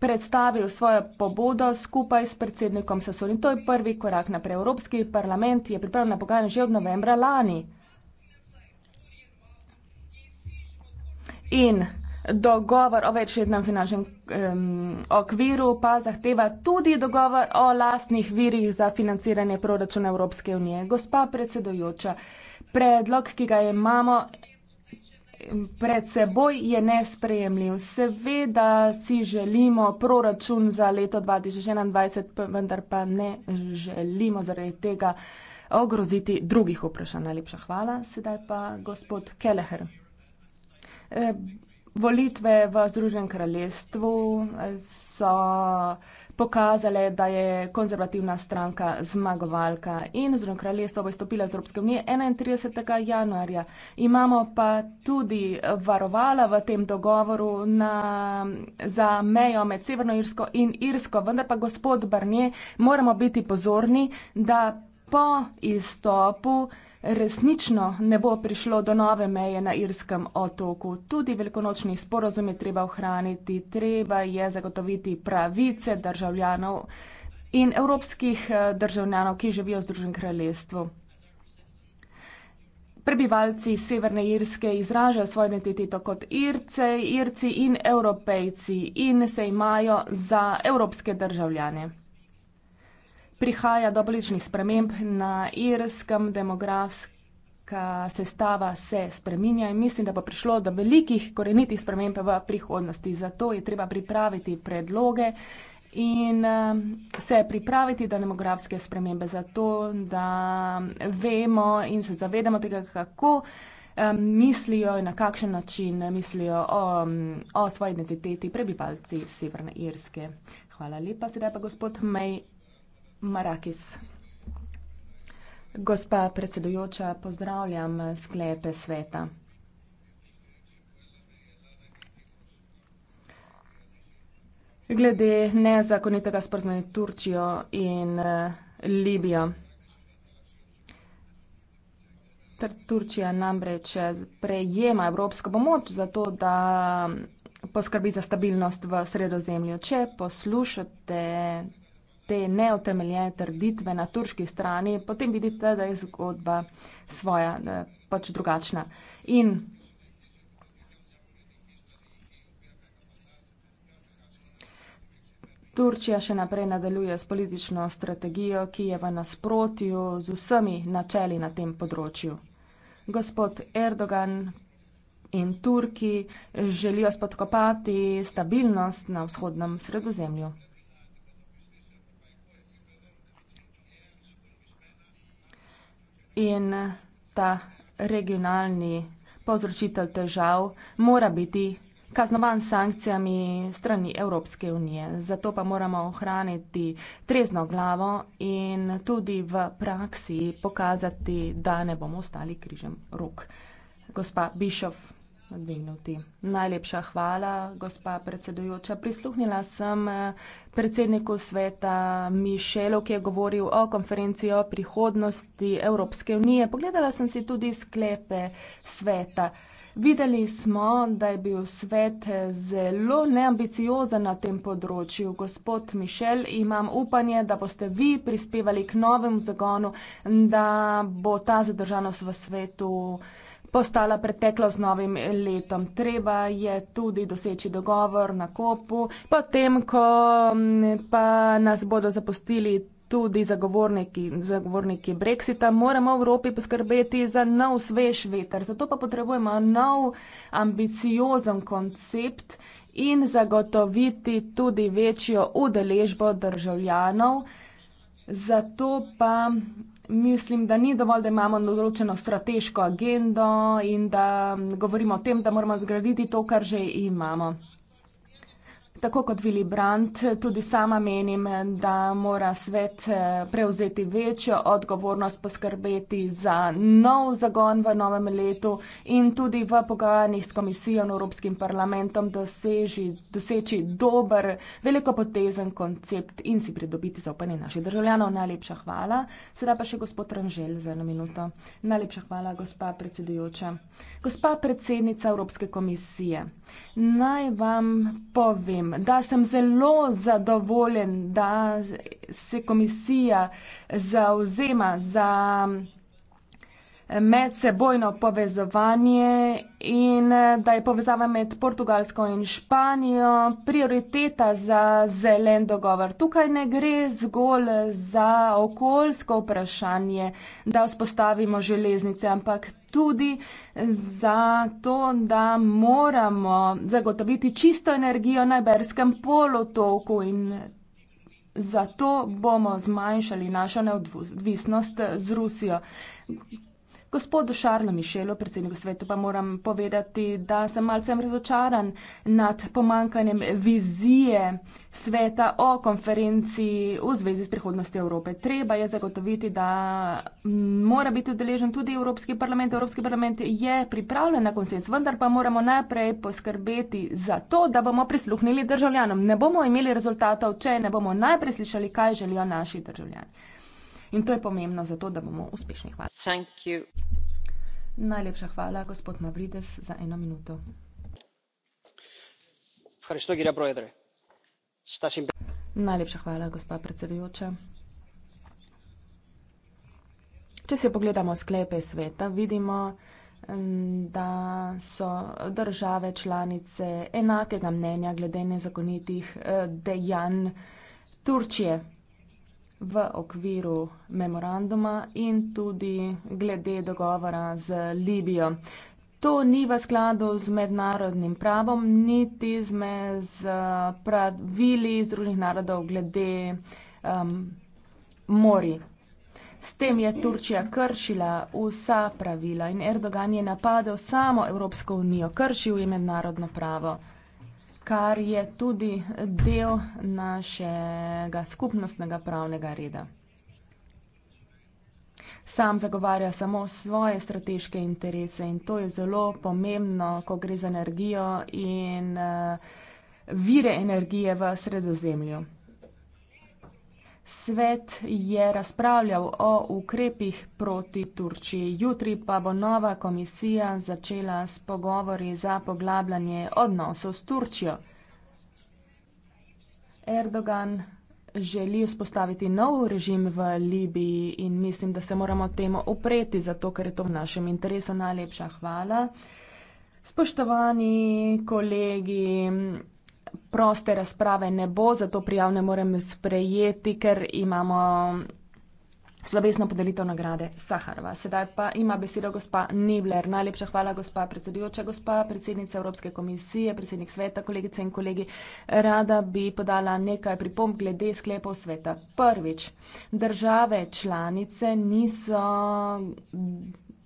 predstavil svojo pobudo skupaj s predsednikom Sassoni. To je prvi korak naprej. Evropski parlament je pripravljen na pogajanje že od novembra lani. In dogovor o večletnem finančnem um, okviru pa zahteva tudi dogovor o lastnih virih za financiranje proračuna Evropske unije. Gospa predsedujoča, predlog, ki ga imamo, pred seboj je nesprejemljiv. Seveda si želimo proračun za leto 2021, vendar pa ne želimo zaradi tega ogroziti drugih vprašanj. Najlepša hvala. Sedaj pa gospod Keleher. Eh, volitve v Združenem kraljestvu so pokazale, da je konzervativna stranka zmagovalka in Združeno kraljestvo bo izstopila iz Evropske unije 31. januarja. Imamo pa tudi varovala v tem dogovoru na, za mejo med Severno Irsko in Irsko, vendar pa gospod Barnier, moramo biti pozorni, da po izstopu resnično ne bo prišlo do nove meje na Irskem otoku. Tudi velikonočni sporozum je treba ohraniti, treba je zagotoviti pravice državljanov in evropskih eh, državljanov, ki živijo v Združenem kraljestvu. Prebivalci Severne Irske izražajo svojo identiteto kot Irce, Irci in Evropejci in se imajo za evropske državljane prihaja do političnih sprememb na irskem, demografska sestava se spreminja in mislim, da bo prišlo do velikih korenitih sprememb v prihodnosti. Zato je treba pripraviti predloge in um, se pripraviti na demografske spremembe, zato da vemo in se zavedamo tega, kako um, mislijo in na kakšen način mislijo o, um, o svoji identiteti prebivalci Severne Irske. Hvala lepa, sedaj pa gospod May. Marakis. Gospa predsedujoča, pozdravljam sklepe sveta. Glede nezakonitega sporazuma med Turčijo in eh, Libijo. Turčija namreč eh, prejema evropsko pomoč za to, da mm, poskrbi za stabilnost v sredozemlju. Če poslušate te neotemeljene trditve na turški strani, potem vidite, da je zgodba svoja pač drugačna. In Turčija še naprej nadaljuje s politično strategijo, ki je v nasprotju z vsemi načeli na tem področju. Gospod Erdogan in Turki želijo spodkopati stabilnost na vzhodnem sredozemlju. in eh, ta regionalni povzročitelj težav mora biti kaznovan s sankcijami strani Evropske unije. Zato pa moramo ohraniti trezno glavo in tudi v praksi pokazati, da ne bomo ostali križem rok. Gospa Bišov, dvignuti. Najlepša hvala, gospa predsedujoča. Prisluhnila sem eh, predsedniku sveta Mišelu, ki je govoril o konferenci o prihodnosti Evropske unije. Pogledala sem si tudi sklepe sveta. Videli smo, da je bil svet eh, zelo neambiciozen na tem področju. Gospod Mišel, imam upanje, da boste vi prispevali k novemu zagonu, da bo ta zadržanost v svetu postala pretekla z novim letom. Treba je tudi doseči dogovor na kopu, potem ko pa nas bodo zapustili tudi zagovorniki, zagovorniki Brexita, moramo v Evropi poskrbeti za nov svež veter. Zato pa potrebujemo nov ambiciozen koncept in zagotoviti tudi večjo udeležbo državljanov. Zato pa mislim, da ni dovolj, da imamo določeno strateško agendo in da govorimo o tem, da moramo zgraditi to, kar že imamo tako kot Willy Brandt, tudi sama menim, da mora svet eh, prevzeti večjo odgovornost, poskrbeti za nov zagon v novem letu in tudi v pogajanjih s komisijo in Evropskim parlamentom doseži, doseči dober, velikopotezen koncept in si pridobiti zaupanje naših državljanov. Najlepša hvala. Sedaj pa še gospod Ranžel za eno minuto. Najlepša hvala, gospa predsedujoča. Gospa predsednica Evropske komisije, naj vam povem, da sem zelo zadovoljen, da se komisija zauzema za medsebojno povezovanje in da je povezava med Portugalsko in Španijo prioriteta za zelen dogovor. Tukaj ne gre zgolj za okoljsko vprašanje, da vzpostavimo železnice, ampak tudi za to, da moramo zagotoviti čisto energijo na Iberskem polotoku in zato bomo zmanjšali našo neodvisnost z Rusijo. Gospodu Šarlo Mišelu, predsedniku sveta, pa moram povedati, da sem malce razočaran nad pomankanjem vizije sveta o konferenci v zvezi s prihodnosti Evrope. Treba je zagotoviti, da mora biti udeležen tudi Evropski parlament. Evropski parlament je pripravljen na konsens, vendar pa moramo najprej poskrbeti za to, da bomo prisluhnili državljanom. Ne bomo imeli rezultatov, če ne bomo najprej slišali, kaj želijo naši državljani in to je pomembno za to, da bomo uspešni. Hvala. Thank you. Najlepša hvala, gospod Mavrides, za eno minuto. Najlepša hvala, gospa predsedujoča. Če si pogledamo sklepe sveta, vidimo, mm, da so države članice enakega mnenja glede nezakonitih eh, dejanj Turčije v okviru memoranduma in tudi glede dogovora z Libijo. To ni v skladu z mednarodnim pravom, niti zme z pravili Združenih narodov glede um, mori. S tem je Turčija kršila vsa pravila in Erdogan je napadel samo Evropsko unijo, kršil je mednarodno pravo kar je tudi del našega skupnostnega pravnega reda. Sam zagovarja samo svoje strateške interese in to je zelo pomembno, ko gre za energijo in eh, vire energije v Sredozemlju. Svet je razpravljal o ukrepih proti Turčiji. Jutri pa bo nova komisija začela s pogovori za poglabljanje odnosov s Turčijo. Erdogan želi vzpostaviti nov režim v Libiji in mislim, da se moramo temu upreti, zato ker je to v našem interesu. Najlepša hvala. Spoštovani kolegi proste razprave ne bo, zato prijav ne morem sprejeti, ker imamo slovesno podelitev nagrade Saharova. Sedaj pa ima besedo gospa Nibler. Najlepša hvala, gospa predsedujoča, gospa predsednica Evropske komisije, predsednik sveta, kolegice in kolegi. Rada bi podala nekaj pripomb glede sklepov sveta. Prvič, države članice niso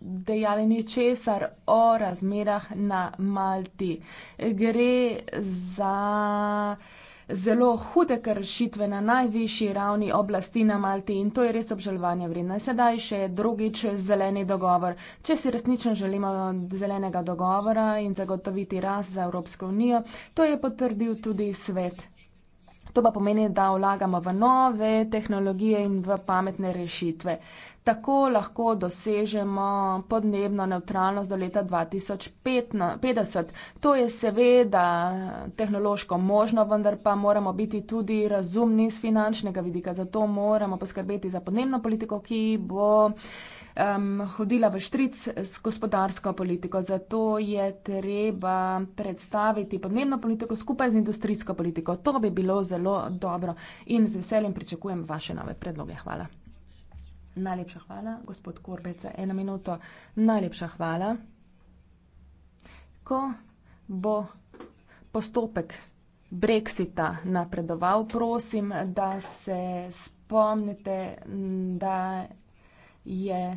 dejali ničesar o razmerah na Malti. Gre za zelo hude kršitve na najvišji ravni oblasti na Malti in to je res obžalovanja vredno. Sedaj še drugič zeleni dogovor. Če si resnično želimo zelenega dogovora in zagotoviti rast za Evropsko unijo, to je potrdil tudi svet. To pa pomeni, da vlagamo v nove tehnologije in v pametne rešitve. Tako lahko dosežemo podnebno neutralnost do leta 2050. To je seveda tehnološko možno, vendar pa moramo biti tudi razumni z finančnega vidika. Zato moramo poskrbeti za podnebno politiko, ki bo uh, um, hodila v štric s gospodarsko politiko. Zato je treba predstaviti podnebno politiko skupaj z industrijsko politiko. To bi bilo zelo dobro in z veseljem pričakujem vaše nove predloge. Hvala. Najlepša hvala, gospod Korbec, za eno minuto. Najlepša hvala. Ko bo postopek Brexita napredoval, prosim, da se spomnite, da je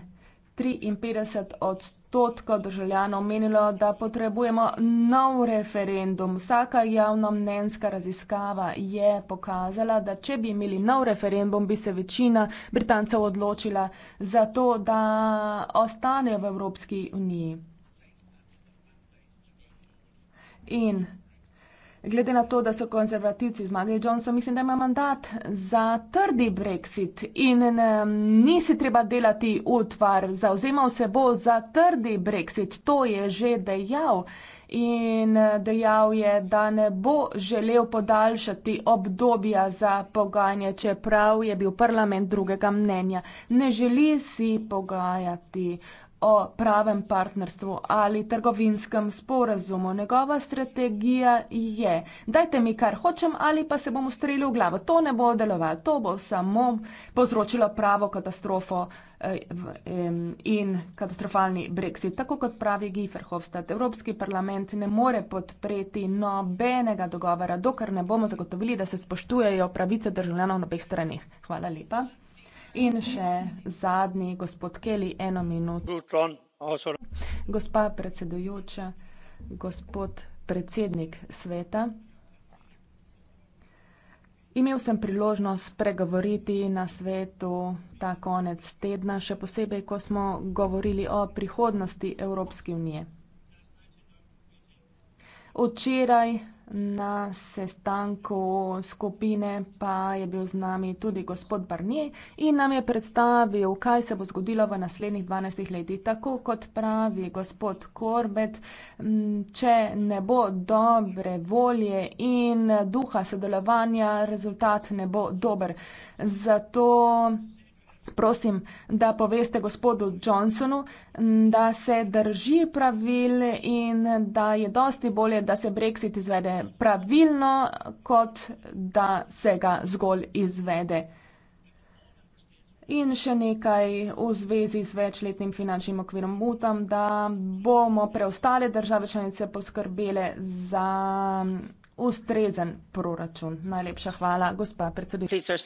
triinpetdeset odstotkov državljanov menilo, da potrebujemo nov referendum. Vsaka javnomnenjska raziskava je pokazala, da če bi imeli nov referendum, bi se večina Britancev odločila za to, da ostane v Evropski uniji. In glede na to, da so konzervativci zmagali Johnson, mislim, da ima mandat za trdi brexit in ne, nisi treba delati utvar, zauzemal se bo za trdi brexit, to je že dejal in eh, dejal je, da ne bo želel podaljšati obdobja za pogajanje, čeprav je bil parlament drugega mnenja. Ne želi si pogajati o pravem partnerstvu ali trgovinskem sporazumu. Njegova strategija je, dajte mi kar hočem ali pa se bom ustrelil v glavo. To ne bo delovalo, to bo samo povzročilo pravo katastrofo eh, in katastrofalni brexit. Tako kot pravi Giefer Hofstad, Evropski parlament ne more podpreti nobenega dogovora, dokler ne bomo zagotovili, da se spoštujejo pravice državljanov na obeh straneh. Hvala lepa. In še zadnji, gospod Keli, eno minuto. Gospa predsedujoča, gospod predsednik sveta, imel sem priložnost pregovoriti na svetu ta konec tedna, še posebej, ko smo govorili o prihodnosti Evropske unije. Včeraj Na sestanku skupine pa je bil z nami tudi gospod Barnier in nam je predstavil, kaj se bo zgodilo v naslednjih 12 letih. Tako kot pravi gospod Korbet, če ne bo dobre volje in duha sodelovanja, rezultat ne bo dober. Zato Prosim, da poveste gospodu Johnsonu, da se drži pravil in da je dosti bolje, da se Brexit izvede pravilno, kot da se ga zgolj izvede. In še nekaj v zvezi z večletnim finančnim okvirom. Upam, da bomo preostale države članice poskrbele za ustrezen proračun. Najlepša hvala, gospa predsedujoča.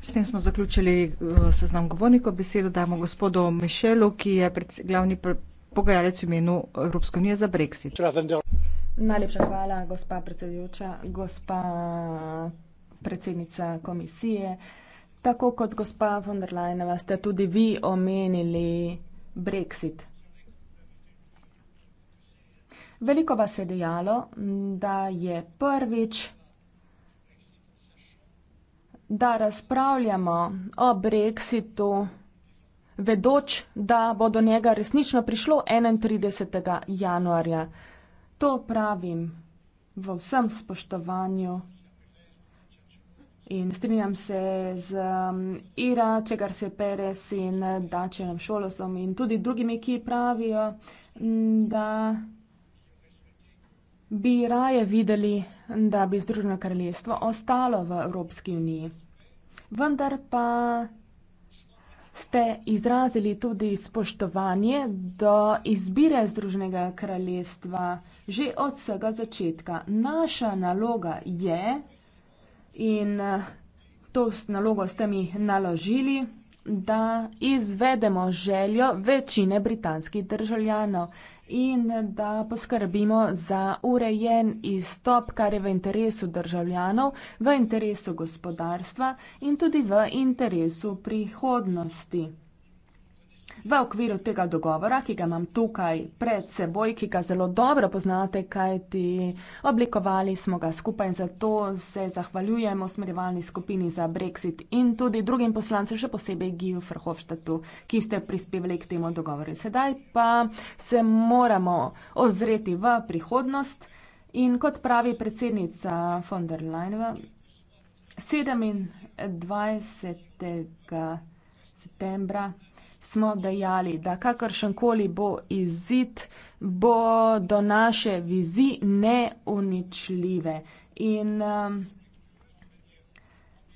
S tem smo zaključili uh, seznam govornikov. Besedo dajemo gospodu Michelu, ki je glavni pogajalec v imenu Evropske unije za brexit. Najlepša hvala, gospa predsedujoča, gospa predsednica komisije. Tako kot gospa von der Leyen, ste tudi vi omenili brexit. Veliko vas je dejalo, da je prvič, da razpravljamo o brexitu, vedoč, da bo do njega resnično prišlo 31. januarja. To pravim v vsem spoštovanju. In strinjam se z um, Ira, čegar se Peres in Dačenom Šolosom in tudi drugimi, ki pravijo, da bi raje videli, da bi Združeno kraljestvo ostalo v Evropski uniji. Vendar pa ste izrazili tudi spoštovanje do izbire Združenega kraljestva že od vsega začetka. Naša naloga je, in to nalogo ste mi naložili, da izvedemo željo večine britanskih državljanov in da poskrbimo za urejen izstop, kar je v interesu državljanov, v interesu gospodarstva in tudi v interesu prihodnosti v okviru tega dogovora, ki ga imam tukaj pred seboj, ki ga zelo dobro poznate, kajti oblikovali smo ga skupaj, zato se zahvaljujemo smerjevalni skupini za Brexit in tudi drugim poslancem, še posebej Giju Frhofštatu, ki ste prispevali k temu dogovoru. Sedaj pa se moramo ozreti v prihodnost in kot pravi predsednica von der Leyen, 27. septembra smo dejali, da kakršen koli bo izid, bo do naše vizi neuničljive. In um,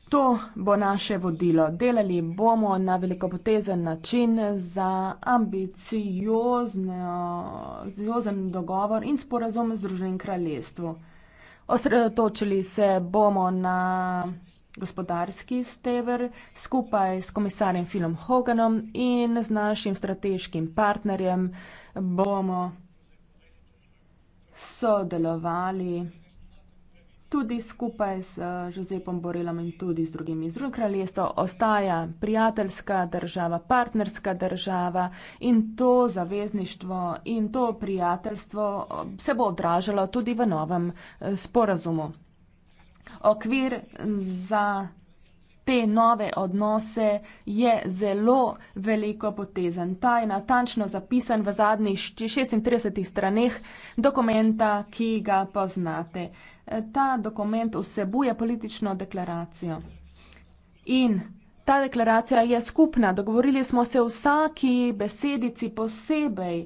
to bo naše vodilo. Delali bomo na velikopotezen način za ambiciozen dogovor in sporazum z Združenim kraljestvom. Osredotočili se bomo na gospodarski stever skupaj s komisarjem Filom Hoganom in z našim strateškim partnerjem bomo sodelovali tudi skupaj z Žozepom eh, Borelom in tudi z drugimi. Združeno kraljestvo ostaja prijateljska država, partnerska država in to zavezništvo in to prijateljstvo eh, se bo odražalo tudi v novem eh, sporazumu okvir za te nove odnose je zelo veliko potezen. Ta je natančno zapisan v zadnjih 36 straneh dokumenta, ki ga poznate. Ta dokument vsebuje politično deklaracijo. In ta deklaracija je skupna. Dogovorili smo se vsaki besedici posebej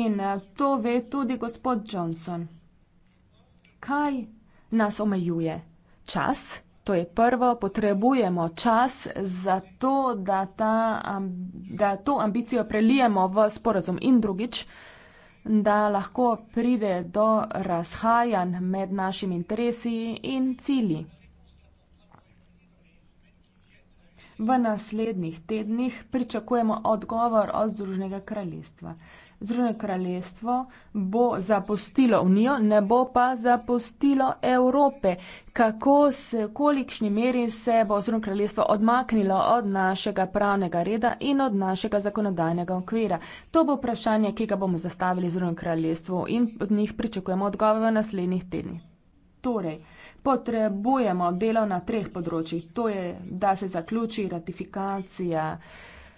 in to ve tudi gospod Johnson. Kaj nas omejuje. Čas, to je prvo, potrebujemo čas za to, da, ta, da to ambicijo prelijemo v sporazum in drugič, da lahko pride do razhajanj med našimi interesi in cilji. V naslednjih tednih pričakujemo odgovor od Združnega kraljestva. Združeno kraljestvo bo zapustilo Unijo, ne bo pa zapustilo Evrope. Kako se, kolikšni meri se bo Združeno kraljestvo odmaknilo od našega pravnega reda in od našega zakonodajnega okvira? To bo vprašanje, ki ga bomo zastavili Združeno kraljestvo in od njih pričakujemo odgovor v naslednjih tednih. Torej, potrebujemo delo na treh področjih. To je, da se zaključi ratifikacija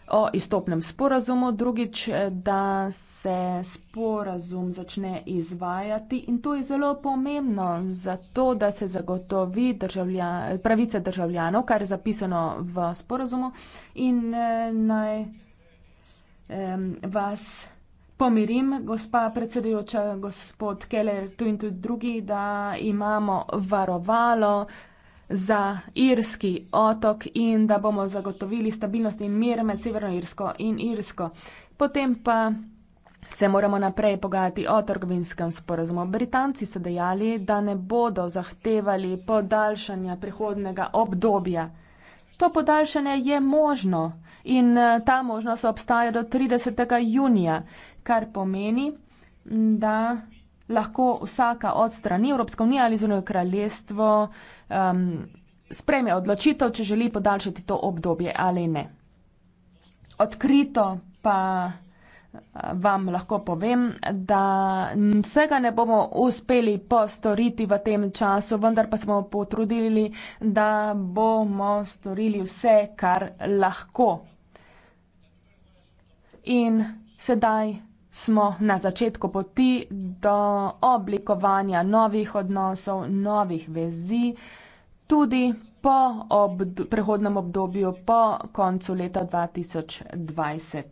o izstopnem sporazumu, drugič, eh, da se sporazum začne izvajati in to je zelo pomembno za to, da se zagotovi državlja, pravice državljanov, kar je zapisano v sporazumu in eh, naj em, vas pomirim, gospa predsedujoča, gospod Keller, tu in tudi drugi, da imamo varovalo, za irski otok in da bomo zagotovili stabilnost in mir med Severno Irsko in Irsko. Potem pa se moramo naprej pogajati o trgovinskem sporozumu. Britanci so dejali, da ne bodo zahtevali podaljšanja prihodnega obdobja. To podaljšanje je možno in eh, ta možnost obstaja do 30. junija, kar pomeni, da lahko vsaka od strani, Evropska unija ali zunanje kraljestvo, um, sprejme odločitev, če želi podaljšati to obdobje ali ne. Odkrito pa eh, vam lahko povem, da vsega ne bomo uspeli postoriti v tem času, vendar pa smo potrudili, da bomo storili vse, kar lahko. In sedaj smo na začetku poti do oblikovanja novih odnosov, novih vezi, tudi po obd prehodnem obdobju po koncu leta 2020.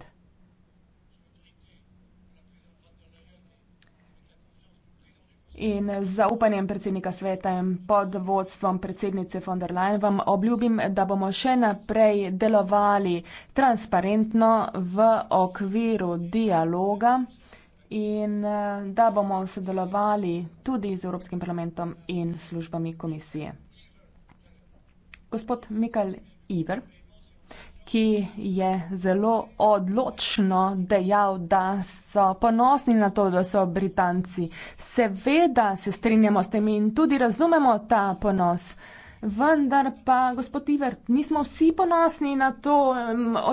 in z zaupanjem predsednika sveta in pod vodstvom predsednice von der Leyen vam obljubim, da bomo še naprej delovali transparentno v okviru dialoga in eh, da bomo sodelovali tudi z Evropskim parlamentom in službami komisije. Gospod Mikael Iver ki je zelo odločno dejal, da so ponosni na to, da so Britanci. Seveda se strinjamo s tem in tudi razumemo ta ponos. Vendar pa, gospod Ivert, mi smo vsi ponosni na to,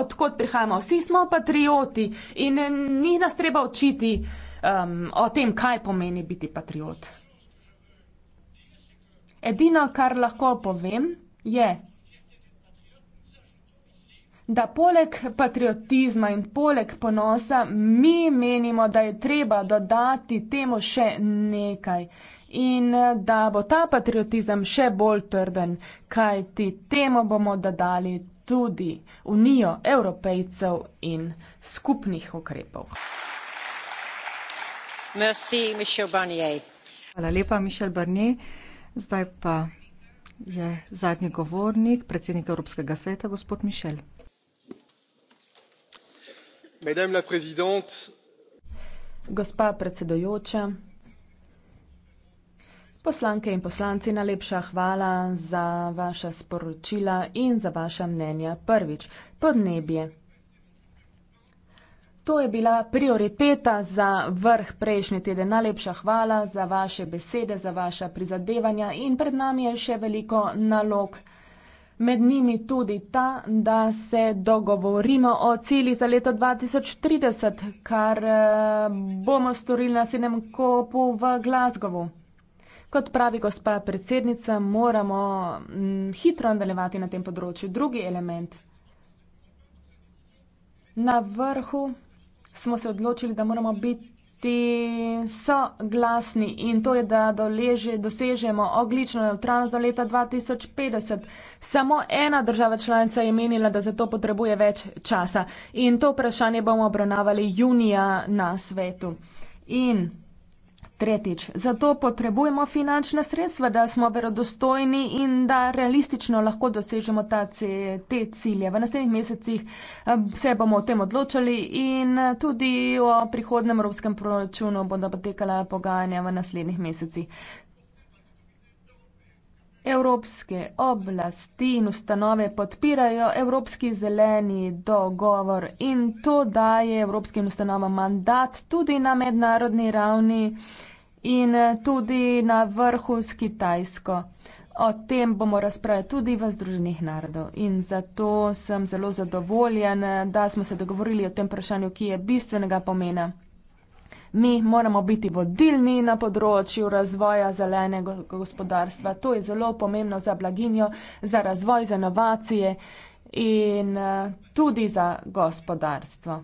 odkot prihajamo. Vsi smo patrioti in ni nas treba učiti um, o tem, kaj pomeni biti patriot. Edino, kar lahko povem, je, da poleg patriotizma in poleg ponosa mi menimo, da je treba dodati temu še nekaj in eh, da bo ta patriotizem še bolj trden, kajti temu bomo dodali tudi unijo evropejcev in skupnih ukrepov. Merci, Michel Barnier. Hvala lepa, Michel Barnier. Zdaj pa je zadnji govornik, predsednik Evropskega sveta, gospod Mišel madame la présidente gospa predsedujoča poslanke in poslanci najlepša hvala za vaša sporočila in za vaša mnenja prvič podnebje To je bila prioriteta za vrh prejšnji teden. Najlepša hvala za vaše besede, za vaša prizadevanja in pred nami je še veliko nalog med njimi tudi ta, da se dogovorimo o cilji za leto 2030, kar eh, bomo storili na sinem kopu v Glasgowu. Kot pravi gospa predsednica, moramo mm, hitro nadaljevati na tem področju. Drugi element. Na vrhu smo se odločili, da moramo biti ti so glasni in to je, da doleže, dosežemo oglično neutralnost do leta 2050. Samo ena država članica je menila, da za to potrebuje več časa in to vprašanje bomo obravnavali junija na svetu. In Tretjič, zato potrebujemo finančna sredstva, da smo verodostojni in da realistično lahko dosežemo te cilje. V naslednjih mesecih eh, se bomo o tem odločali in tudi o prihodnem evropskem proračunu bodo potekala pogajanja v naslednjih mesecih. Evropske oblasti in ustanove podpirajo Evropski zeleni dogovor in to daje Evropskim ustanovam mandat tudi na mednarodni ravni in eh, tudi na vrhu s Kitajsko. O tem bomo razpravljali tudi v Združenih narodov in zato sem zelo zadovoljen, eh, da smo se dogovorili o tem vprašanju, ki je bistvenega pomena. Mi moramo biti vodilni na področju razvoja zelenega gospodarstva. To je zelo pomembno za blaginjo, za razvoj, za inovacije in eh, tudi za gospodarstvo.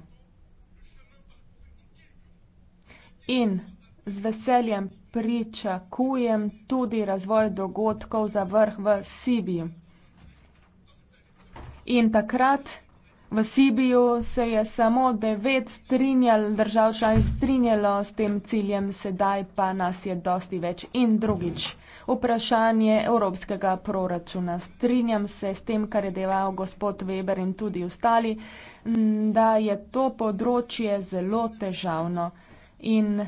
In z veseljem pričakujem tudi razvoj dogodkov za vrh v Sibiju. In takrat v Sibiju se je samo devet strinjal, držav članic strinjalo s tem ciljem, sedaj pa nas je dosti več. In drugič, vprašanje evropskega proračuna. Strinjam se s tem, kar je dejal gospod Weber in tudi ostali, da je to področje zelo težavno. In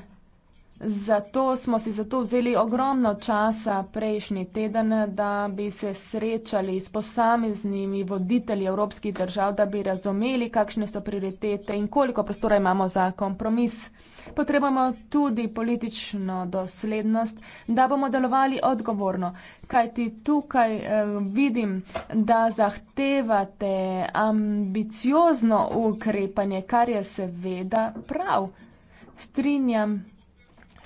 Zato smo si zato vzeli ogromno časa prejšnji teden, da bi se srečali s posameznimi voditelji evropskih držav, da bi razumeli, kakšne so prioritete in koliko prostora imamo za kompromis. Potrebujemo tudi politično doslednost, da bomo delovali odgovorno, kajti tukaj eh, vidim, da zahtevate ambiciozno ukrepanje, kar je seveda prav. Strinjam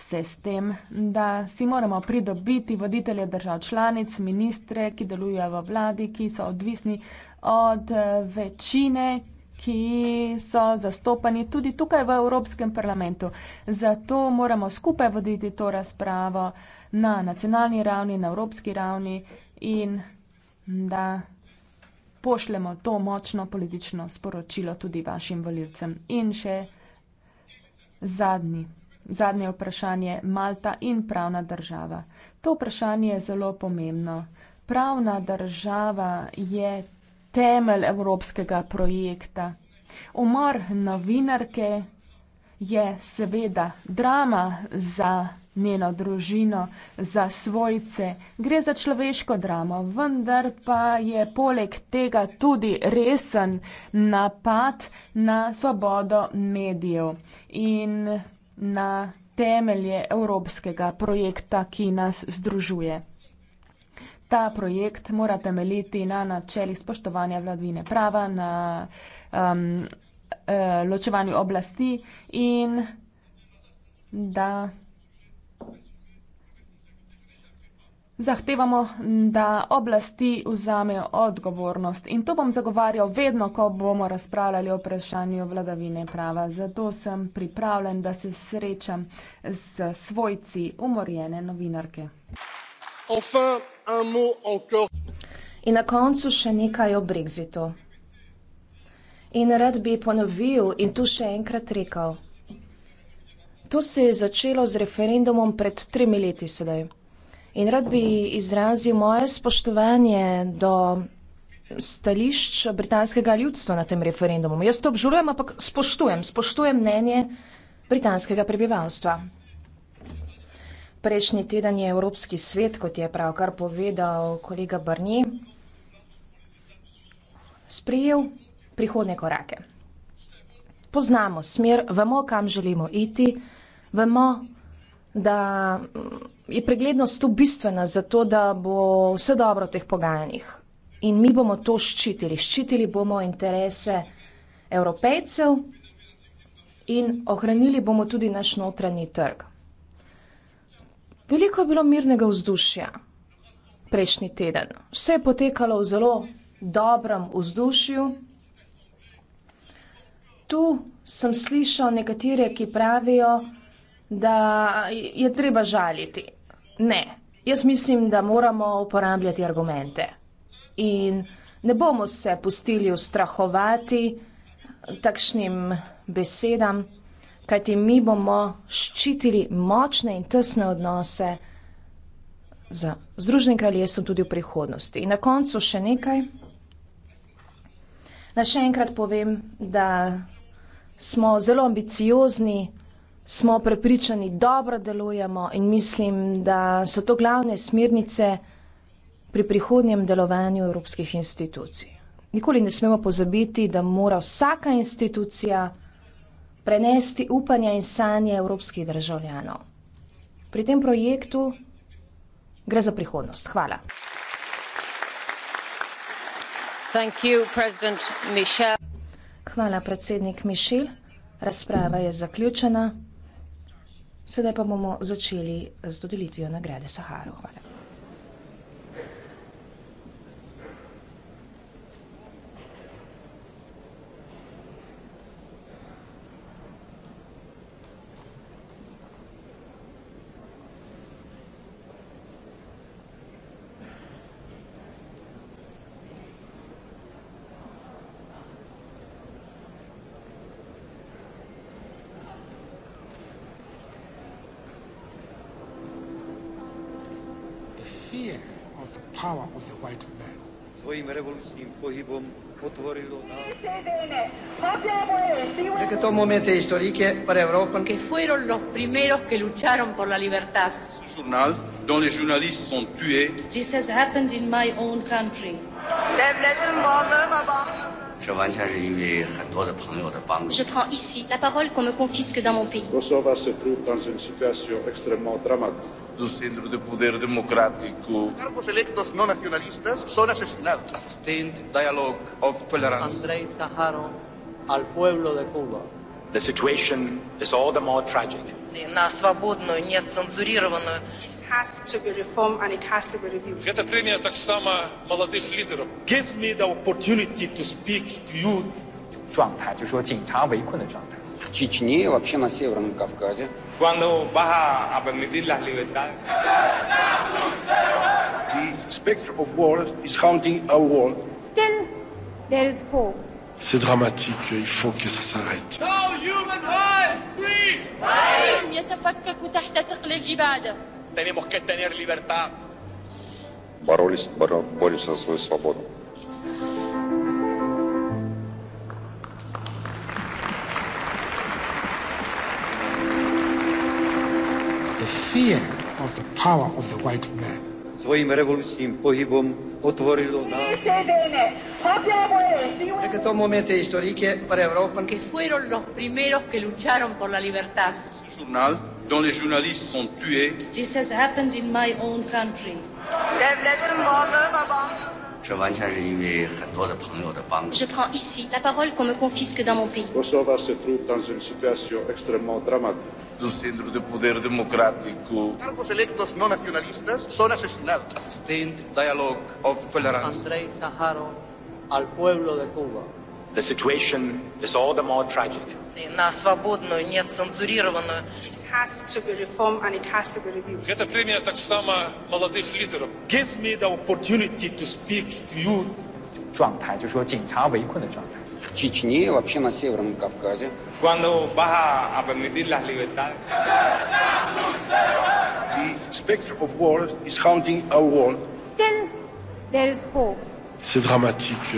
se s tem, da si moramo pridobiti voditelje držav članic, ministre, ki delujejo v vladi, ki so odvisni od eh, večine, ki so zastopani tudi tukaj v Evropskem parlamentu. Zato moramo skupaj voditi to razpravo na nacionalni ravni, na evropski ravni in da pošljemo to močno politično sporočilo tudi vašim voljivcem. In še zadnji Zadnje vprašanje, Malta in pravna država. To vprašanje je zelo pomembno. Pravna država je temelj evropskega projekta. Umor novinarke je seveda drama za njeno družino, za svojce. Gre za človeško dramo, vendar pa je poleg tega tudi resen napad na svobodo medijev. In na temelje evropskega projekta, ki nas združuje. Ta projekt mora temeljiti na načelih spoštovanja vladvine prava, na um, eh, ločevanju oblasti in da Zahtevamo, da oblasti vzamejo odgovornost in to bom zagovarjal vedno, ko bomo razpravljali o vprašanju vladavine prava. Zato sem pripravljen, da se srečam z svojci umorjene novinarke. In na koncu še nekaj o Brexitu. In rad bi ponovil in tu še enkrat rekel. To se je začelo z referendumom pred tremi leti sedaj. In rad bi izrazil moje spoštovanje do stališč britanskega ljudstva na tem referendumu. Jaz to obžalujem, ampak spoštujem, spoštujem mnenje britanskega prebivalstva. Prejšnji teden je Evropski svet, kot je pravkar povedal kolega Barnier, sprejel prihodne korake. Poznamo smer, vemo, kam želimo iti, vemo, da je preglednost tu bistvena za to, da bo vse dobro v teh pogajanjih. In mi bomo to ščitili. Ščitili bomo interese evropejcev in ohranili bomo tudi naš notranji trg. Veliko je bilo mirnega vzdušja prejšnji teden. Vse je potekalo v zelo dobrem vzdušju. Tu sem slišal nekatere, ki pravijo, da je treba žaliti. Ne, jaz mislim, da moramo uporabljati argumente in ne bomo se pustili ustrahovati takšnim besedam, kajti mi bomo ščitili močne in tesne odnose z Združenim kraljestvom tudi v prihodnosti. In na koncu še nekaj. Naj še enkrat povem, da smo zelo ambiciozni smo prepričani, dobro delujemo in mislim, da so to glavne smernice pri prihodnjem delovanju evropskih institucij. Nikoli ne smemo pozabiti, da mora vsaka institucija prenesti upanja in sanje evropskih državljanov. Pri tem projektu gre za prihodnost. Hvala. Hvala, predsednik Mišel. Razprava je zaključena. Sedaj pa bomo začeli z dodelitvijo nagrade Saharu. Hvala. gibom potvorilo. En estos momentos históricos para Europa. Que fueron los primeros que lucharon por la libertad. Ce journal, dont les journalistes sont tués. This has happened in my own country. They've let them bomb them about. 这完全是因为很多的朋友的帮助。Je prends ici la parole qu'on me confisque dans mon pays. Kosovo se trouve dans une situation extrêmement dramatique. Do centro de poder democrático. Cargos electos no nacionalistas son asesinados. A sustained dialogue of tolerance. Andrei Saharov al pueblo de Cuba. The situation is all the more tragic. На свободную, нет цензурированную. Это премия так само молодых лидеров. Gives me the opportunity to speak to you. 状态,就说警察围困的状态. Чечне, вообще на Северном Кавказе. The spectre of war is haunting our world. Still, there is hope. C'est dramatique, il faut que ça s'arrête. No human life, free! Why? tenemos que tener libertad. Боролись, боро, боролись за свою свободу. The fear of the power of the white man. Своим революционным погибом отворило нам. En estos momentos históricos para Europa. Que fueron los primeros que lucharon por la libertad. Su journal dont les journalistes sont tués. This has happened in my own country. 这完全是因为很多的朋友的帮助。Je prends ici la parole qu'on me confisque dans mon pays. Kosovo se trouve dans une situation extrêmement dramatique. Du centre de pouvoir démocratique. Cargos electos no nacionalistas son asesinados. Assistant dialogue of tolerance. Andrei Saharov al pueblo de Cuba. The situation is all the more tragic. На свободную, нецензурированную Эта премия так само молодых лидеров. Gives me the opportunity to speak to you. 状态就是说警察围困的状态。Чечне и вообще на Северном Кавказе. Cuando baja a permitir las libertades. The specter of war is haunting our world. Still, there is hope. C'est dramatique.